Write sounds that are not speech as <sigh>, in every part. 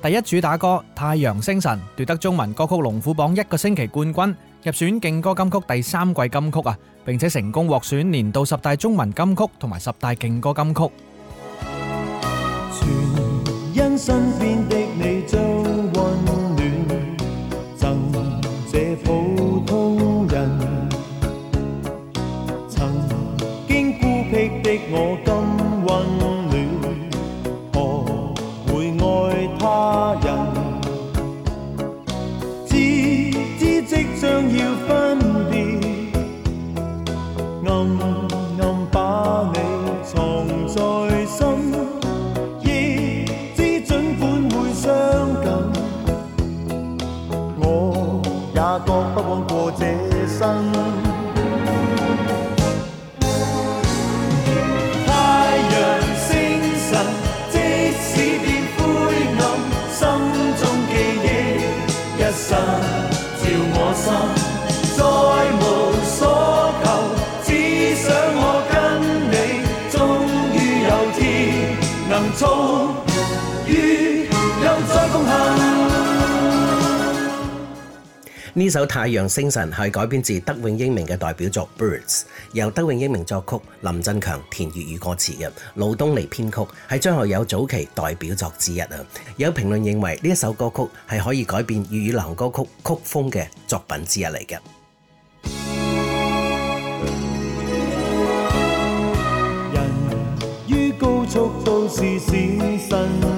第一主打歌《太陽星辰》奪得中文歌曲龍虎榜一個星期冠軍，入選勁歌金曲第三季金曲啊，並且成功獲選年度十大中文金曲同埋十大勁歌金曲。呢首《太陽星辰》係改編自德永英明嘅代表作《Birds》，由德永英明作曲，林振強填粵語歌詞嘅，盧東尼編曲，係張學友早期代表作之一啊！有評論認為呢一首歌曲係可以改變粵語男歌曲曲曲風嘅作品之一嚟嘅。人於高速都是閃身。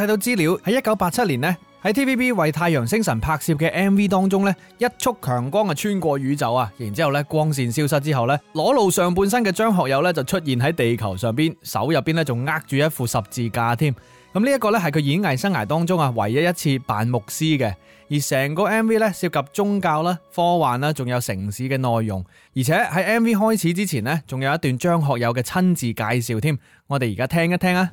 睇到資料喺一九八七年呢，喺 TVB 為太陽星辰拍攝嘅 MV 當中呢，一束強光啊穿過宇宙啊，然之後呢光線消失之後呢，裸露上半身嘅張學友呢，就出現喺地球上邊，手入邊呢，仲握住一副十字架添。咁呢一個呢，係佢演藝生涯當中啊唯一一次扮牧師嘅，而成個 MV 呢，涉及宗教啦、科幻啦，仲有城市嘅內容，而且喺 MV 開始之前呢，仲有一段張學友嘅親自介紹添。我哋而家聽一聽啊！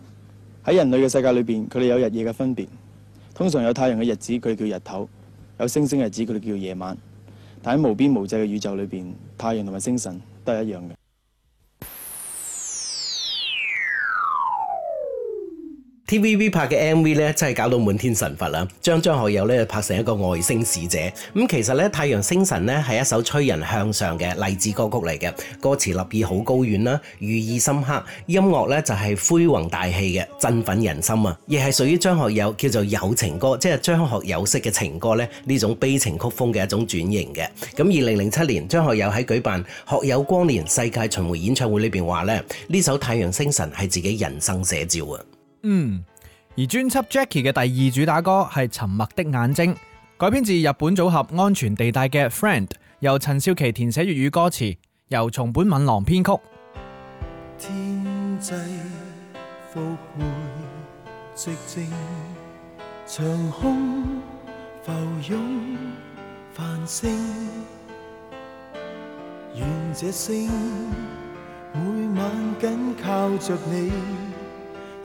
喺人類嘅世界裏面，佢哋有日夜嘅分別。通常有太陽嘅日子，佢哋叫日頭；有星星嘅日子，佢哋叫夜晚。但喺無邊無際嘅宇宙裏面，太陽同埋星辰都係一樣嘅。T.V.B 拍嘅 M.V 咧，真係搞到滿天神佛啦！將張學友咧拍成一個外星使者咁。其實咧，《太陽星辰》咧係一首催人向上嘅勵志歌曲嚟嘅，歌詞立意好高遠啦，寓意深刻。音樂咧就係恢宏大氣嘅，振奮人心啊！亦係屬於張學友叫做友情歌，即係張學友式嘅情歌咧呢種悲情曲風嘅一種轉型嘅。咁二零零七年，張學友喺舉辦《學友光年世界巡迴演唱會》裏面話咧呢首《太陽星辰》係自己人生寫照啊！嗯，而專輯 Jacky 嘅第二主打歌係《沉默的眼睛》，改編自日本組合安全地帶嘅《Friend》，由陳少琪填寫粵語歌詞，由松本敏郎編曲。天際復回寂靜，長空浮擁繁星，願這星每晚緊靠着你。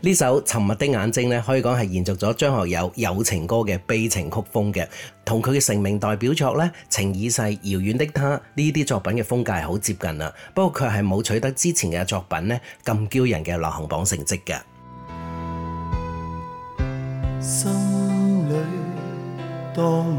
呢首《沉默的眼睛》咧，可以講係延續咗張學友友情歌嘅悲情曲風嘅，同佢嘅成名代表作咧《情已逝》、《遙遠的她》呢啲作品嘅風格係好接近啦。不過佢係冇取得之前嘅作品咧咁驕人嘅流行榜成績嘅。心裏多無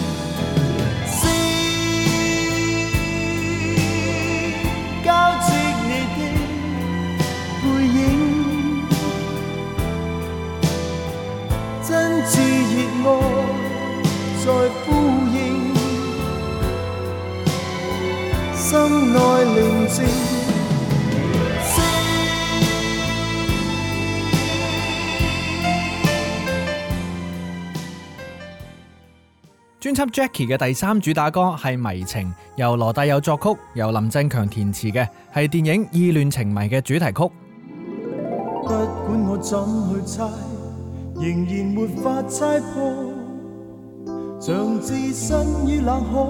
專輯 Jacky 嘅第三主打歌係《迷情》，由羅大佑作曲，由林振強填詞嘅，係電影《意亂情迷》嘅主題曲。不管我怎去猜，仍然沒法猜破，像置身於冷海，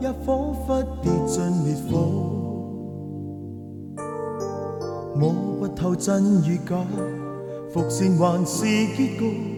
也仿佛跌進烈火，摸不透真與假，伏線還是結局。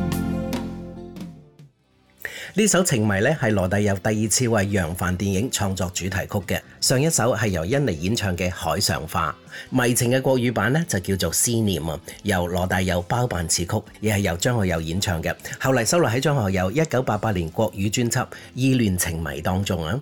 呢首情迷呢，係羅大佑第二次為楊凡電影創作主題曲嘅。上一首係由甄妮演唱嘅《海上花》，迷情嘅國語版呢，就叫做《思念》啊，由羅大佑包辦此曲，亦係由張學友演唱嘅，後嚟收錄喺張學友一九八八年國語專輯《意亂情迷》當中啊。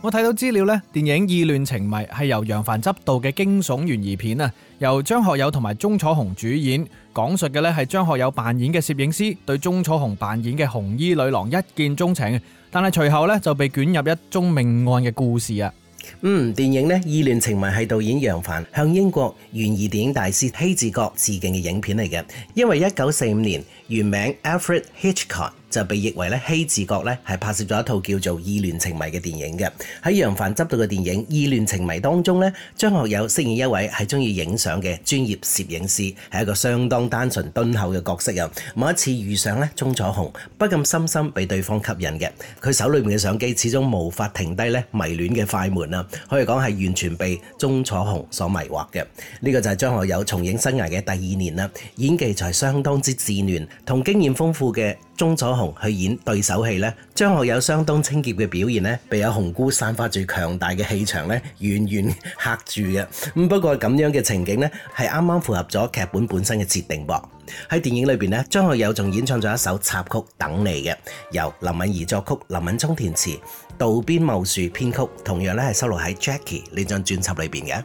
我睇到資料呢，電影《意亂情迷》係由楊凡執導嘅驚悚懸疑片啊，由張學友同埋鍾楚紅主演，講述嘅呢係張學友扮演嘅攝影師對鍾楚紅扮演嘅紅衣女郎一見鍾情，但係隨後呢就被捲入一宗命案嘅故事啊。嗯，電影咧《意亂情迷》係導演楊凡向英國懸疑電影大師希治閣致敬嘅影片嚟嘅，因為一九四五年。原名 Alfred Hitchcock 就被譯為咧希治閣咧，係拍攝咗一套叫做《意亂情迷》嘅電影嘅。喺楊凡執導嘅電影《意亂情迷》當中咧，張學友飾演一位係中意影相嘅專業攝影師，係一個相當單純敦厚嘅角色啊！某一次遇上咧，鍾楚紅不禁深深被對方吸引嘅，佢手裏面嘅相機始終無法停低咧迷戀嘅快門啊！可以講係完全被鍾楚紅所迷惑嘅。呢、這個就係張學友從影生涯嘅第二年啦，演技就係相當之稚嫩。同經驗豐富嘅鐘楚紅去演對手戲呢，張學友相當清潔嘅表現呢，被阿紅姑散發住強大嘅氣場呢，遠遠嚇住嘅。咁不過咁樣嘅情景呢，係啱啱符合咗劇本本身嘅設定噃。喺電影裏邊呢，張學友仲演唱咗一首插曲《等你》嘅，由林敏怡作曲、林敏驄填詞、渡邊茂樹編曲，同樣咧係收錄喺 Jacky 呢張專輯裏邊嘅。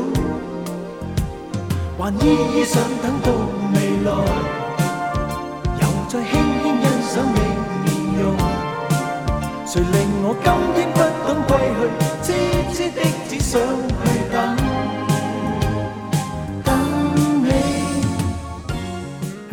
喺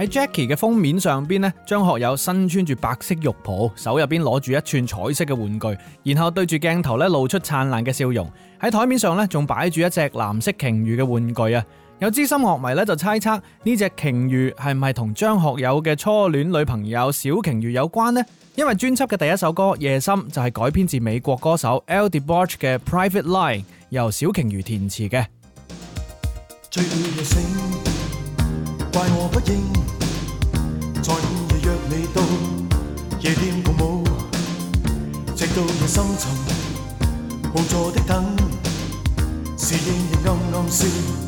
Jacky 嘅封面上邊咧，張學友身穿住白色浴袍，手入邊攞住一串彩色嘅玩具，然後對住鏡頭咧，露出燦爛嘅笑容。喺台面上咧，仲擺住一隻藍色鯨魚嘅玩具啊。有資深學迷咧就猜測呢隻鯨魚係唔係同張學友嘅初戀女朋友小鯨魚有關呢？因為專輯嘅第一首歌《夜深》就係、是、改編自美國歌手 El DeBarge 嘅 Private Line，由小鯨魚填詞嘅。最夜深，怪我不應，在午夜約你到夜店共舞，直到夜深沉，無助的等，是夜夜暗暗笑。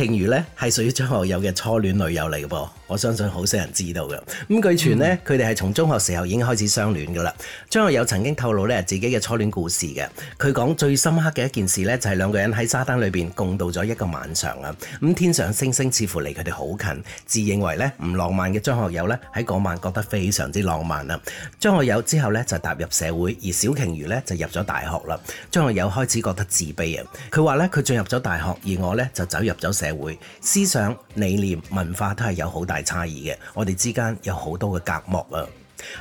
鯨魚咧係屬於張學友嘅初戀女友嚟嘅噃。我相信好少人知道嘅。咁據傳呢，佢哋係從中學時候已經開始相戀嘅啦。張學友曾經透露咧自己嘅初戀故事嘅。佢講最深刻嘅一件事咧，就係兩個人喺沙灘裏邊共度咗一個晚上啊。咁天上星星似乎離佢哋好近，自認為咧唔浪漫嘅張學友咧喺嗰晚覺得非常之浪漫啊。張學友之後咧就踏入社會，而小鯨魚咧就入咗大學啦。張學友開始覺得自卑啊。佢話咧佢進入咗大學，而我咧就走入咗社會。思想、理念、文化都係有好大。差異嘅，我哋之間有好多嘅隔膜啊。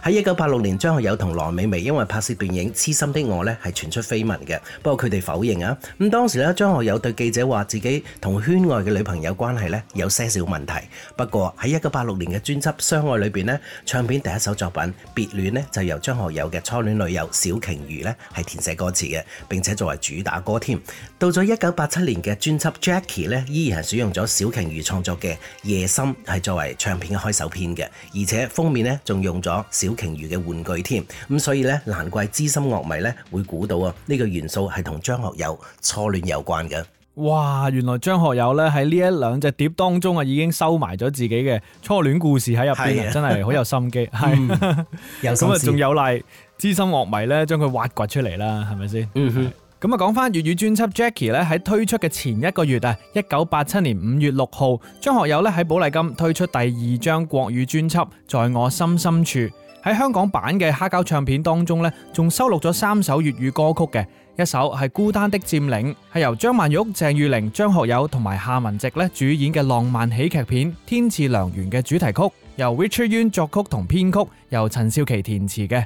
喺一九八六年，張學友同羅美薇因為拍攝電影《痴心的我》呢係傳出緋聞嘅。不過佢哋否認啊。咁當時張學友對記者話自己同圈外嘅女朋友關係呢有些少問題。不過喺一九八六年嘅專輯《相愛》裏面呢，唱片第一首作品《別戀》呢就由張學友嘅初戀女友小鯨魚呢係填寫歌詞嘅，並且作為主打歌添。到咗一九八七年嘅專輯《Jacky》呢，依然係選用咗小鯨魚創作嘅《夜深》係作為唱片嘅開首篇嘅，而且封面呢仲用咗。小鯨魚嘅玩具添，咁所以咧，難怪資深樂迷咧會估到啊，呢個元素係同張學友初戀有關嘅。哇，原來張學友咧喺呢一兩隻碟當中啊，已經收埋咗自己嘅初戀故事喺入邊啊，真係好有心機，係咁啊，仲有，有賴資深樂迷咧將佢挖掘出嚟啦，係咪先？嗯哼。咁啊，講翻粵語專輯 Jackie 咧，喺推出嘅前一個月啊，一九八七年五月六號，張學友咧喺寶麗金推出第二張國語專輯《在我心深處》，喺香港版嘅黑膠唱片當中咧，仲收錄咗三首粵語歌曲嘅，一首係《孤單的佔領》，係由張曼玉、鄭裕玲、張學友同埋夏文汐咧主演嘅浪漫喜劇片《天賜良緣》嘅主題曲，由 Richard Yuen 作曲同編曲，由陳少琪填詞嘅。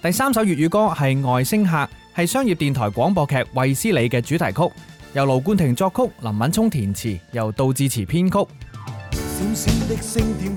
第三首粵語歌係《外星客》，係商業電台廣播劇《衛斯理》嘅主題曲，由盧冠廷作曲，林敏聰填詞，由杜自持編曲。閃閃的星點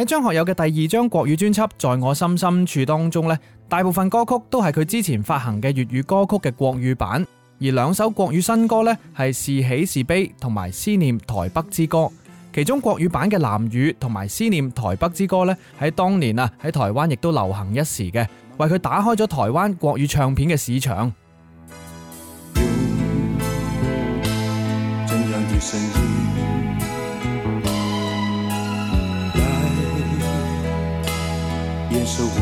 喺張學友嘅第二張國語專輯《在我心深，深處》當中呢，大部分歌曲都係佢之前發行嘅粵語歌曲嘅國語版，而兩首國語新歌呢，係《是喜是悲》同埋《思念台北之歌》，其中國語版嘅《藍雨》同埋《思念台北之歌》呢，喺當年啊喺台灣亦都流行一時嘅，為佢打開咗台灣國語唱片嘅市場。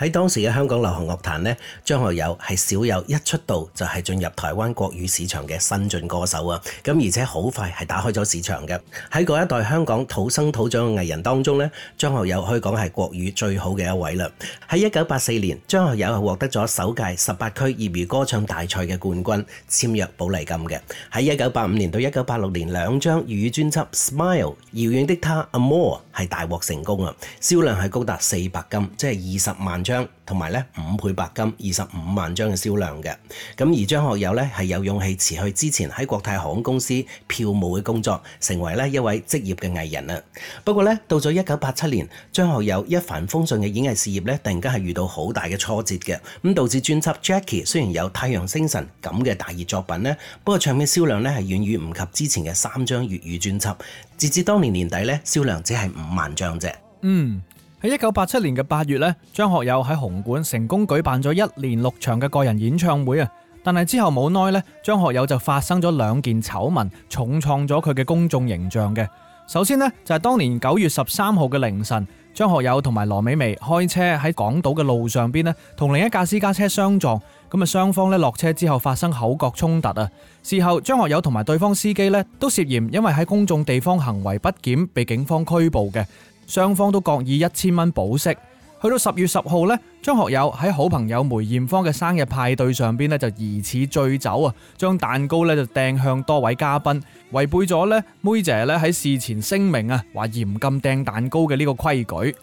喺當時嘅香港流行樂壇呢，張學友係少有一出道就係進入台灣國語市場嘅新晉歌手啊！咁而且好快係打開咗市場嘅。喺嗰一代香港土生土長嘅藝人當中呢，張學友可以講係國語最好嘅一位啦。喺一九八四年，張學友係獲得咗首屆十八區業餘歌唱大賽嘅冠軍，簽約寶麗金嘅。喺一九八五年到一九八六年，兩張粵語專輯《Smile》、《遙遠的她》、《Amour》係大獲成功啊，銷量係高達四百金，即係二十萬張。同埋咧五倍白金二十五萬張嘅銷量嘅，咁而張學友咧係有勇氣辭去之前喺國泰航空公司票務嘅工作，成為咧一位職業嘅藝人啦。不過咧到咗一九八七年，張學友一帆風順嘅演藝事業咧突然間係遇到好大嘅挫折嘅，咁導致專輯 Jacky 雖然有太陽星辰咁嘅大熱作品呢，不過唱片銷量咧係遠遠唔及之前嘅三張粵語專輯，截至當年年底咧銷量只係五萬張啫。嗯。喺一九八七年嘅八月呢，張學友喺紅館成功舉辦咗一年六場嘅個人演唱會啊！但係之後冇耐呢，張學友就發生咗兩件醜聞，重創咗佢嘅公眾形象嘅。首先呢，就係當年九月十三號嘅凌晨，張學友同埋羅美薇開車喺港島嘅路上邊呢，同另一架私家車相撞，咁啊雙方呢，落車之後發生口角衝突啊！事後，張學友同埋對方司機呢都涉嫌因為喺公眾地方行為不檢，被警方拘捕嘅。雙方都各以一千蚊保釋。去到十月十號呢，張學友喺好朋友梅艷芳嘅生日派對上邊呢，就疑似醉酒啊，將蛋糕呢就掟向多位嘉賓，違背咗呢梅姐呢喺事前聲明啊，話嚴禁掟蛋糕嘅呢個規矩。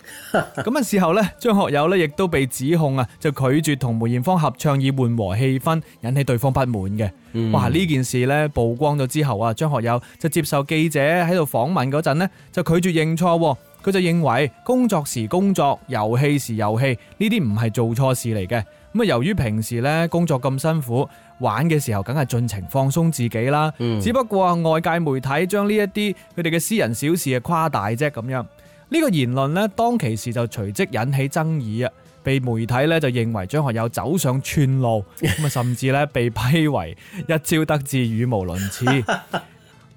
咁啊， <laughs> 事後呢，張學友呢亦都被指控啊，就拒絕同梅艷芳合唱以緩和氣氛，引起對方不滿嘅。嗯、哇！呢件事呢曝光咗之後啊，張學友就接受記者喺度訪問嗰陣呢，就拒絕認錯。佢就認為工作時工作，遊戲時遊戲，呢啲唔係做錯事嚟嘅。咁啊，由於平時咧工作咁辛苦，玩嘅時候梗係盡情放鬆自己啦。嗯。只不過啊，外界媒體將呢一啲佢哋嘅私人小事啊誇大啫咁樣。呢個言論呢，當其時就隨即引起爭議啊，被媒體咧就認為張學友走上串路，咁啊，甚至咧被批為一朝得志，語無倫次。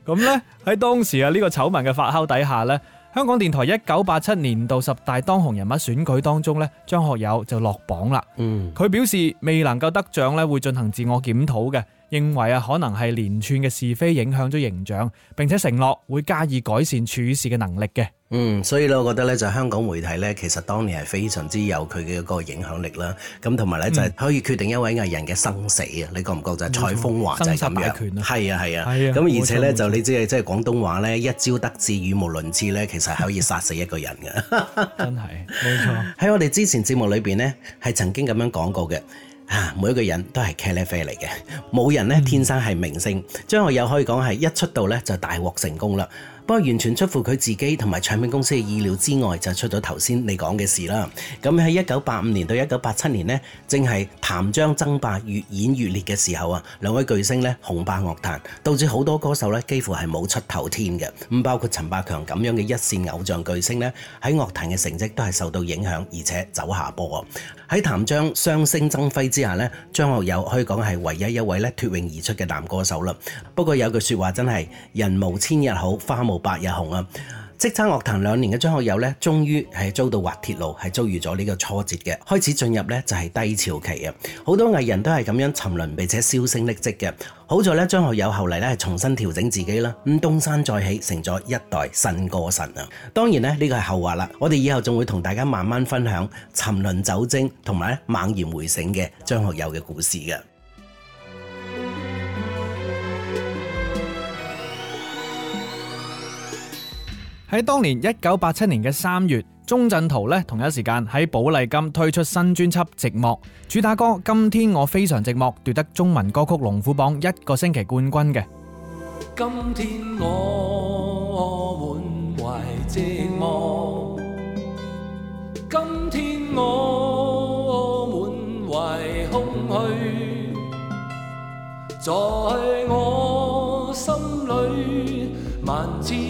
咁咧喺當時啊，呢個醜聞嘅發酵底下咧。香港電台一九八七年度十大當紅人物選舉當中咧，張學友就落榜啦。佢表示未能夠得獎咧，會進行自我檢討嘅，認為啊可能係連串嘅是非影響咗形象，並且承諾會加以改善處事嘅能力嘅。嗯，所以咧，我覺得咧，就香港媒體咧，其實當年係非常之有佢嘅一個影響力啦。咁同埋咧，就係可以決定一位藝人嘅生死啊！你覺唔覺就係蔡楓華就係咁樣？係啊係啊，咁錯而且咧就錯你知啊，即係廣東話咧一朝得志，語無倫次咧，其實係可以殺死一個人嘅。真係，冇錯。喺 <laughs> 我哋之前節目裏邊咧，係曾經咁樣講過嘅。啊，每一個人都係騎呢啡嚟嘅，冇人咧天生係明星。張學友可以講係一出道咧就大獲成功啦。不過完全出乎佢自己同埋唱片公司嘅意料之外，就出咗頭先你講嘅事啦。咁喺一九八五年到一九八七年呢，正係譚張爭霸越演越烈嘅時候啊，兩位巨星呢紅霸樂壇，導致好多歌手呢幾乎係冇出頭天嘅。咁包括陳百強咁樣嘅一線偶像巨星呢，喺樂壇嘅成績都係受到影響，而且走下坡。喺譚張雙星爭輝之下呢，張學友可以講係唯一一位咧脱穎而出嘅男歌手啦。不過有句説話真係人無千日好，花無。白日紅啊！即差樂壇兩年嘅張學友呢，終於係遭到滑鐵盧，係遭遇咗呢個挫折嘅，開始進入呢，就係、是、低潮期啊！好多藝人都係咁樣沉淪，並且銷聲匿跡嘅。好在呢，張學友後嚟呢，係重新調整自己啦，咁東山再起，成咗一代新歌神啊！當然呢，呢個係後話啦，我哋以後仲會同大家慢慢分享沉淪、酒精同埋咧猛然回醒嘅張學友嘅故事嘅。喺當年一九八七年嘅三月，鍾鎮濤呢，同一時間喺寶麗金推出新專輯《寂寞》，主打歌《今天我非常寂寞》奪得中文歌曲龍虎榜一個星期冠軍嘅。今天我滿懷寂寞，今天我滿懷空虛，在我心裏萬次。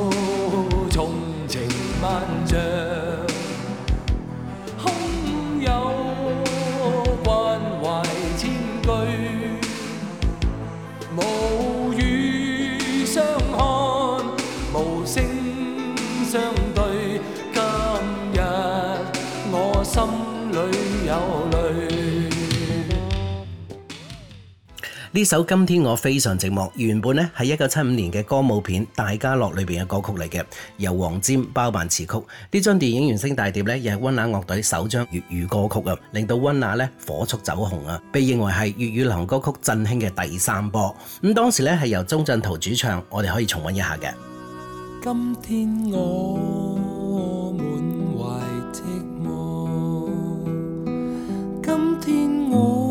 呢首《今天我非常寂寞》原本呢，係一九七五年嘅歌舞片《大家樂》裏邊嘅歌曲嚟嘅，由黃霑包辦詞曲。呢張電影原聲大碟呢，亦係溫拿樂隊首張粵語歌曲啊，令到溫拿呢火速走紅啊，被認為係粵語流行歌曲振興嘅第三波。咁當時呢，係由鍾鎮濤主唱，我哋可以重溫一下嘅。今天我滿懷寂寞，今天我。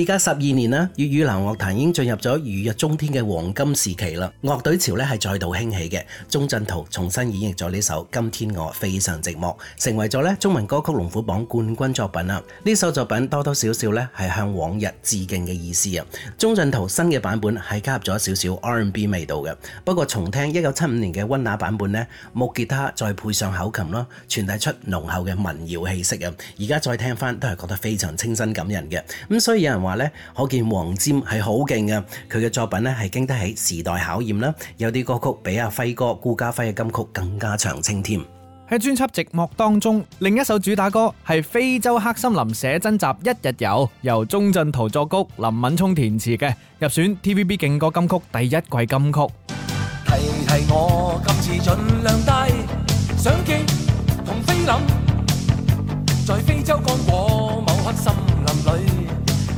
而家十二年啦，粵語流行樂壇已經進入咗如日中天嘅黃金時期啦。樂隊潮咧係再度興起嘅。鐘鎮濤重新演繹咗呢首《今天我非常寂寞》，成為咗咧中文歌曲龍虎榜冠軍作品啦。呢首作品多多少少咧係向往日致敬嘅意思啊。鐘鎮濤新嘅版本係加入咗少少 R&B 味道嘅，不過重聽一九七五年嘅溫拿版本呢，木吉他再配上口琴咯，傳遞出濃厚嘅民謠氣息啊。而家再聽翻都係覺得非常清新感人嘅。咁所以有人話可見黃霑係好勁嘅，佢嘅作品咧係經得起時代考驗啦，有啲歌曲比阿輝哥顧嘉輝嘅金曲更加長青添。喺專輯《寂寞》當中，另一首主打歌係《非洲黑森林寫真集一日遊》，由鍾鎮濤作曲、林敏驄填詞嘅，入選 TVB 勁歌金曲第一季金曲。提提我今次盡量低，想見同菲林，在非洲剛果某黑森林裏。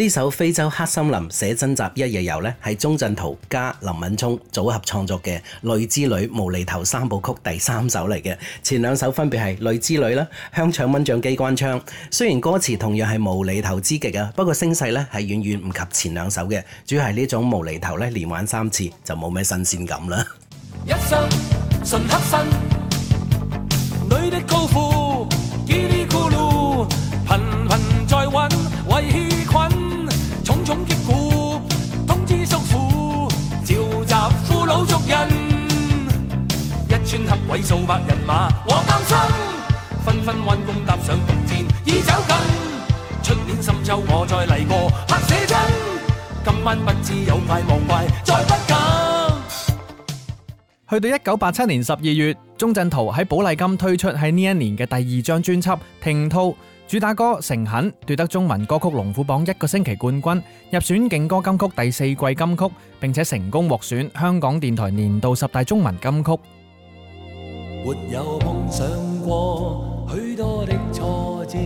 呢首《非洲黑森林》寫真集一日遊咧，係鍾鎮濤加林敏骢組合創作嘅《淚之旅無厘頭三部曲》第三首嚟嘅。前兩首分別係《淚之旅》啦，《香腸蚊帳機關槍》。雖然歌詞同樣係無厘頭之極啊，不過聲勢呢係遠遠唔及前兩首嘅。主要係呢種無厘頭咧，連玩三次就冇咩新鮮感啦。女的高富去到一九八七年十二月，鍾鎮濤喺寶麗金推出喺呢一年嘅第二張專輯《聽濤》。主打歌《誠懇》奪得中文歌曲龍虎榜一個星期冠軍，入選勁歌金曲第四季金曲，並且成功獲選香港電台年度十大中文金曲。沒有碰上過許多的挫折，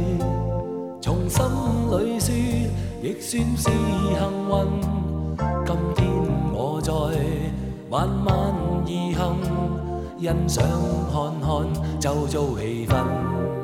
從心裡説亦算是幸運。今天我再慢慢而行，欣賞看看周遭氣氛。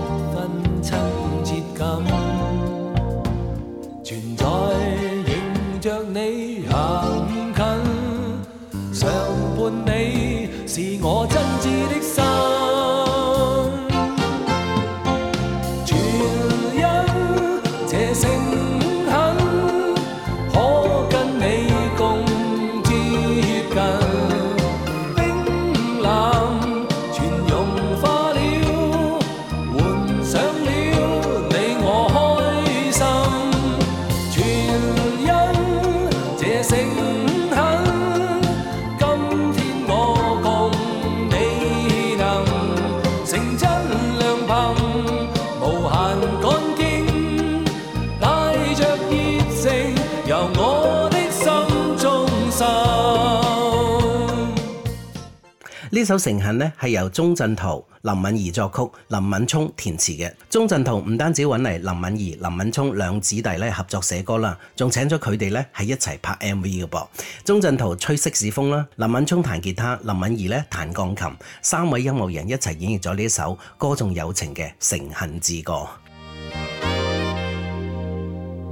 呢首《誠懇》呢，係由鍾鎮濤、林敏怡作曲，林敏驄填詞嘅。鍾鎮濤唔單止揾嚟林敏怡、林敏驄兩姊弟咧合作寫歌啦，仲請咗佢哋咧喺一齊拍 MV 嘅噃。鍾鎮濤吹色士風啦，林敏驄彈結他，林敏怡咧彈鋼琴，三位音樂人一齊演繹咗呢一首歌頌友情嘅誠懇之歌。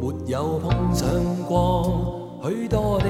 沒有碰上過許多的。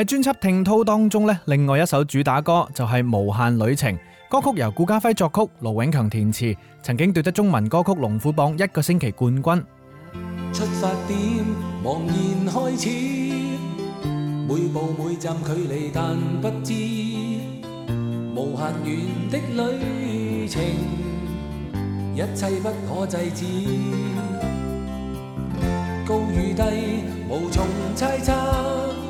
喺專輯《聽濤》當中咧，另外一首主打歌就係、是《無限旅程》。歌曲由顧嘉輝作曲、盧永強填詞，曾經奪得中文歌曲龍虎榜一個星期冠軍。出發點茫然開始，每步每站距離但不知，無限遠的旅程，一切不可制止，高與低無從猜測。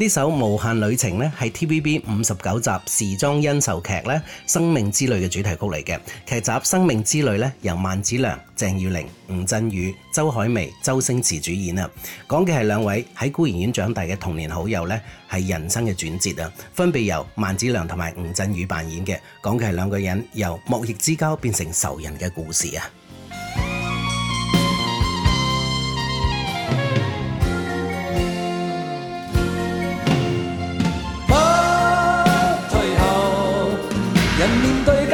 呢首《無限旅程》咧，係 T V B 五十九集時裝恩仇劇生命之旅嘅主題曲嚟嘅。劇集《生命之旅》由萬梓良、鄭裕玲、吳鎮宇、周海媚、周星馳主演啊，講嘅係兩位喺孤兒院長大嘅童年好友咧，係人生嘅轉折啊，分別由萬梓良同埋吳鎮宇扮演嘅。講嘅係兩個人由莫逆之交變成仇人嘅故事啊。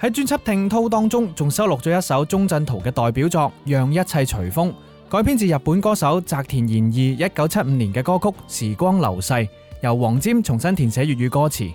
喺專輯《聽濤》當中，仲收錄咗一首鍾鎮濤嘅代表作《讓一切隨風》，改編自日本歌手澤田研二一九七五年嘅歌曲《時光流逝》，由黃霑重新填寫粵語歌詞。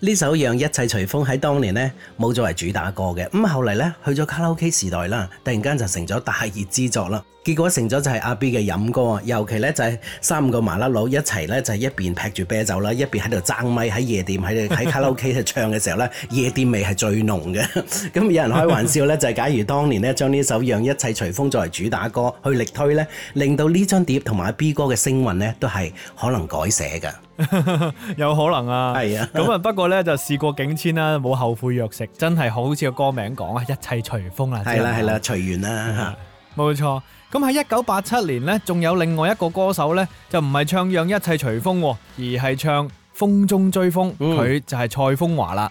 呢首《讓一切隨風》喺當年呢冇作為主打歌嘅，咁後嚟呢去咗卡拉 OK 時代啦，突然間就成咗大熱之作啦。結果成咗就係阿 B 嘅飲歌，尤其呢就係三個麻甩佬一齊呢，就係一邊劈住啤酒啦，一邊喺度爭咪，喺夜店喺度喺卡拉 OK 唱嘅時候呢， <laughs> 夜店味係最濃嘅。咁有人開玩笑呢，就係假如當年呢，將呢首《讓一切隨風》作為主打歌去力推呢，令到呢張碟同埋阿 B 哥嘅聲韻呢，都係可能改寫嘅。有可能啊，係啊，咁啊，不過咧就事過境遷啦，冇後悔藥食，真係好似個歌名講啊，一切隨風啦，係啦係啦，隨緣啦吓，冇錯。咁喺一九八七年咧，仲有另外一個歌手咧，就唔係唱讓一切隨風，而係唱風中追風，佢就係蔡楓華啦。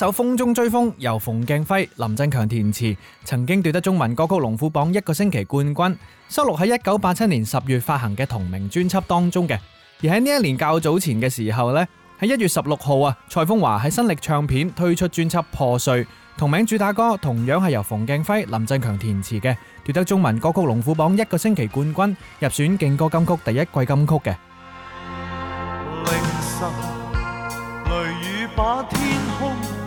首《風中追風》由馮敬輝、林振強填詞，曾經奪得中文歌曲龍虎榜一個星期冠軍，收錄喺1987年十月發行嘅同名專輯當中嘅。而喺呢一年較早前嘅時候呢，喺一月十六號啊，蔡楓華喺新力唱片推出專輯《破碎》，同名主打歌同樣係由馮敬輝、林振強填詞嘅，奪得中文歌曲龍虎榜一個星期冠軍，入選勁歌金曲第一季金曲嘅。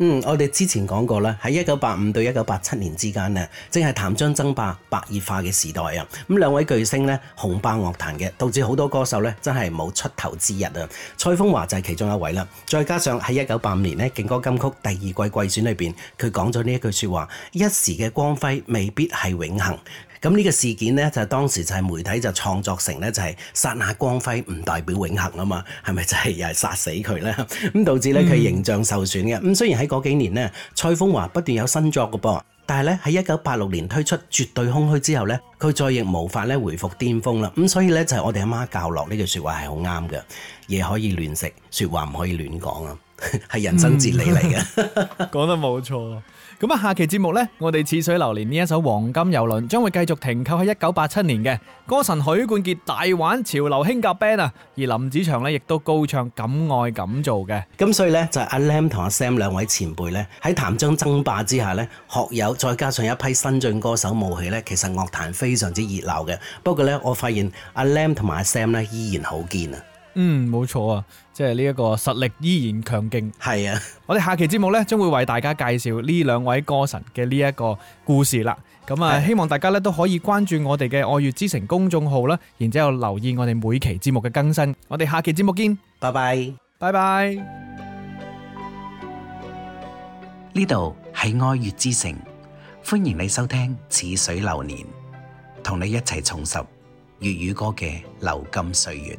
嗯，我哋之前講過啦，喺一九八五到一九八七年之間咧，正係譚張爭霸白熱化嘅時代啊！咁兩位巨星呢，紅霸樂壇嘅，導致好多歌手呢，真係冇出頭之日啊！蔡楓華就係其中一位啦。再加上喺一九八五年呢，勁歌金曲第二季季選裏邊，佢講咗呢句説話：一時嘅光輝未必係永恆。咁呢個事件呢，就當時就係媒體就創作成呢，就係剎那光輝唔代表永恆啊嘛，係咪就係又係殺死佢呢？咁導致呢，佢形象受損嘅。咁、嗯、雖然喺嗰幾年呢，蔡楓華不斷有新作嘅噃，但係呢，喺一九八六年推出《絕對空虛》之後呢，佢再亦無法呢，回復巔峰啦。咁所以呢，就係我哋阿媽教落呢句說話係好啱嘅，嘢可以亂食，說話唔可以亂講啊，係人生哲理嚟嘅。講、嗯、 <laughs> 得冇錯。咁啊，下期節目呢，我哋《似水流年》呢一首《黃金遊輪》將會繼續停靠喺一九八七年嘅，歌神許冠傑大玩潮流興夾 band 啊，而林子祥呢亦都高唱《敢愛敢做》嘅。咁所以呢，就係、阿 Lam 同阿 Sam 兩位前輩呢，喺譚張爭霸之下呢，學友再加上一批新晉歌手冒起呢，其實樂壇非常之熱鬧嘅。不過呢，我發現阿 Lam 同埋阿 Sam 呢依然好堅啊。嗯，冇錯啊，即係呢一個實力依然強勁。係是啊，我哋下期節目呢，將會為大家介紹呢兩位歌神嘅呢一個故事啦。咁啊，希望大家呢，都可以關注我哋嘅愛粵之城公眾號啦，然之後留意我哋每期節目嘅更新。我哋下期節目見，拜拜 bye，拜拜 bye。呢度係愛粵之城，歡迎你收聽《似水流年》，同你一齊重拾粵語歌嘅流金歲月。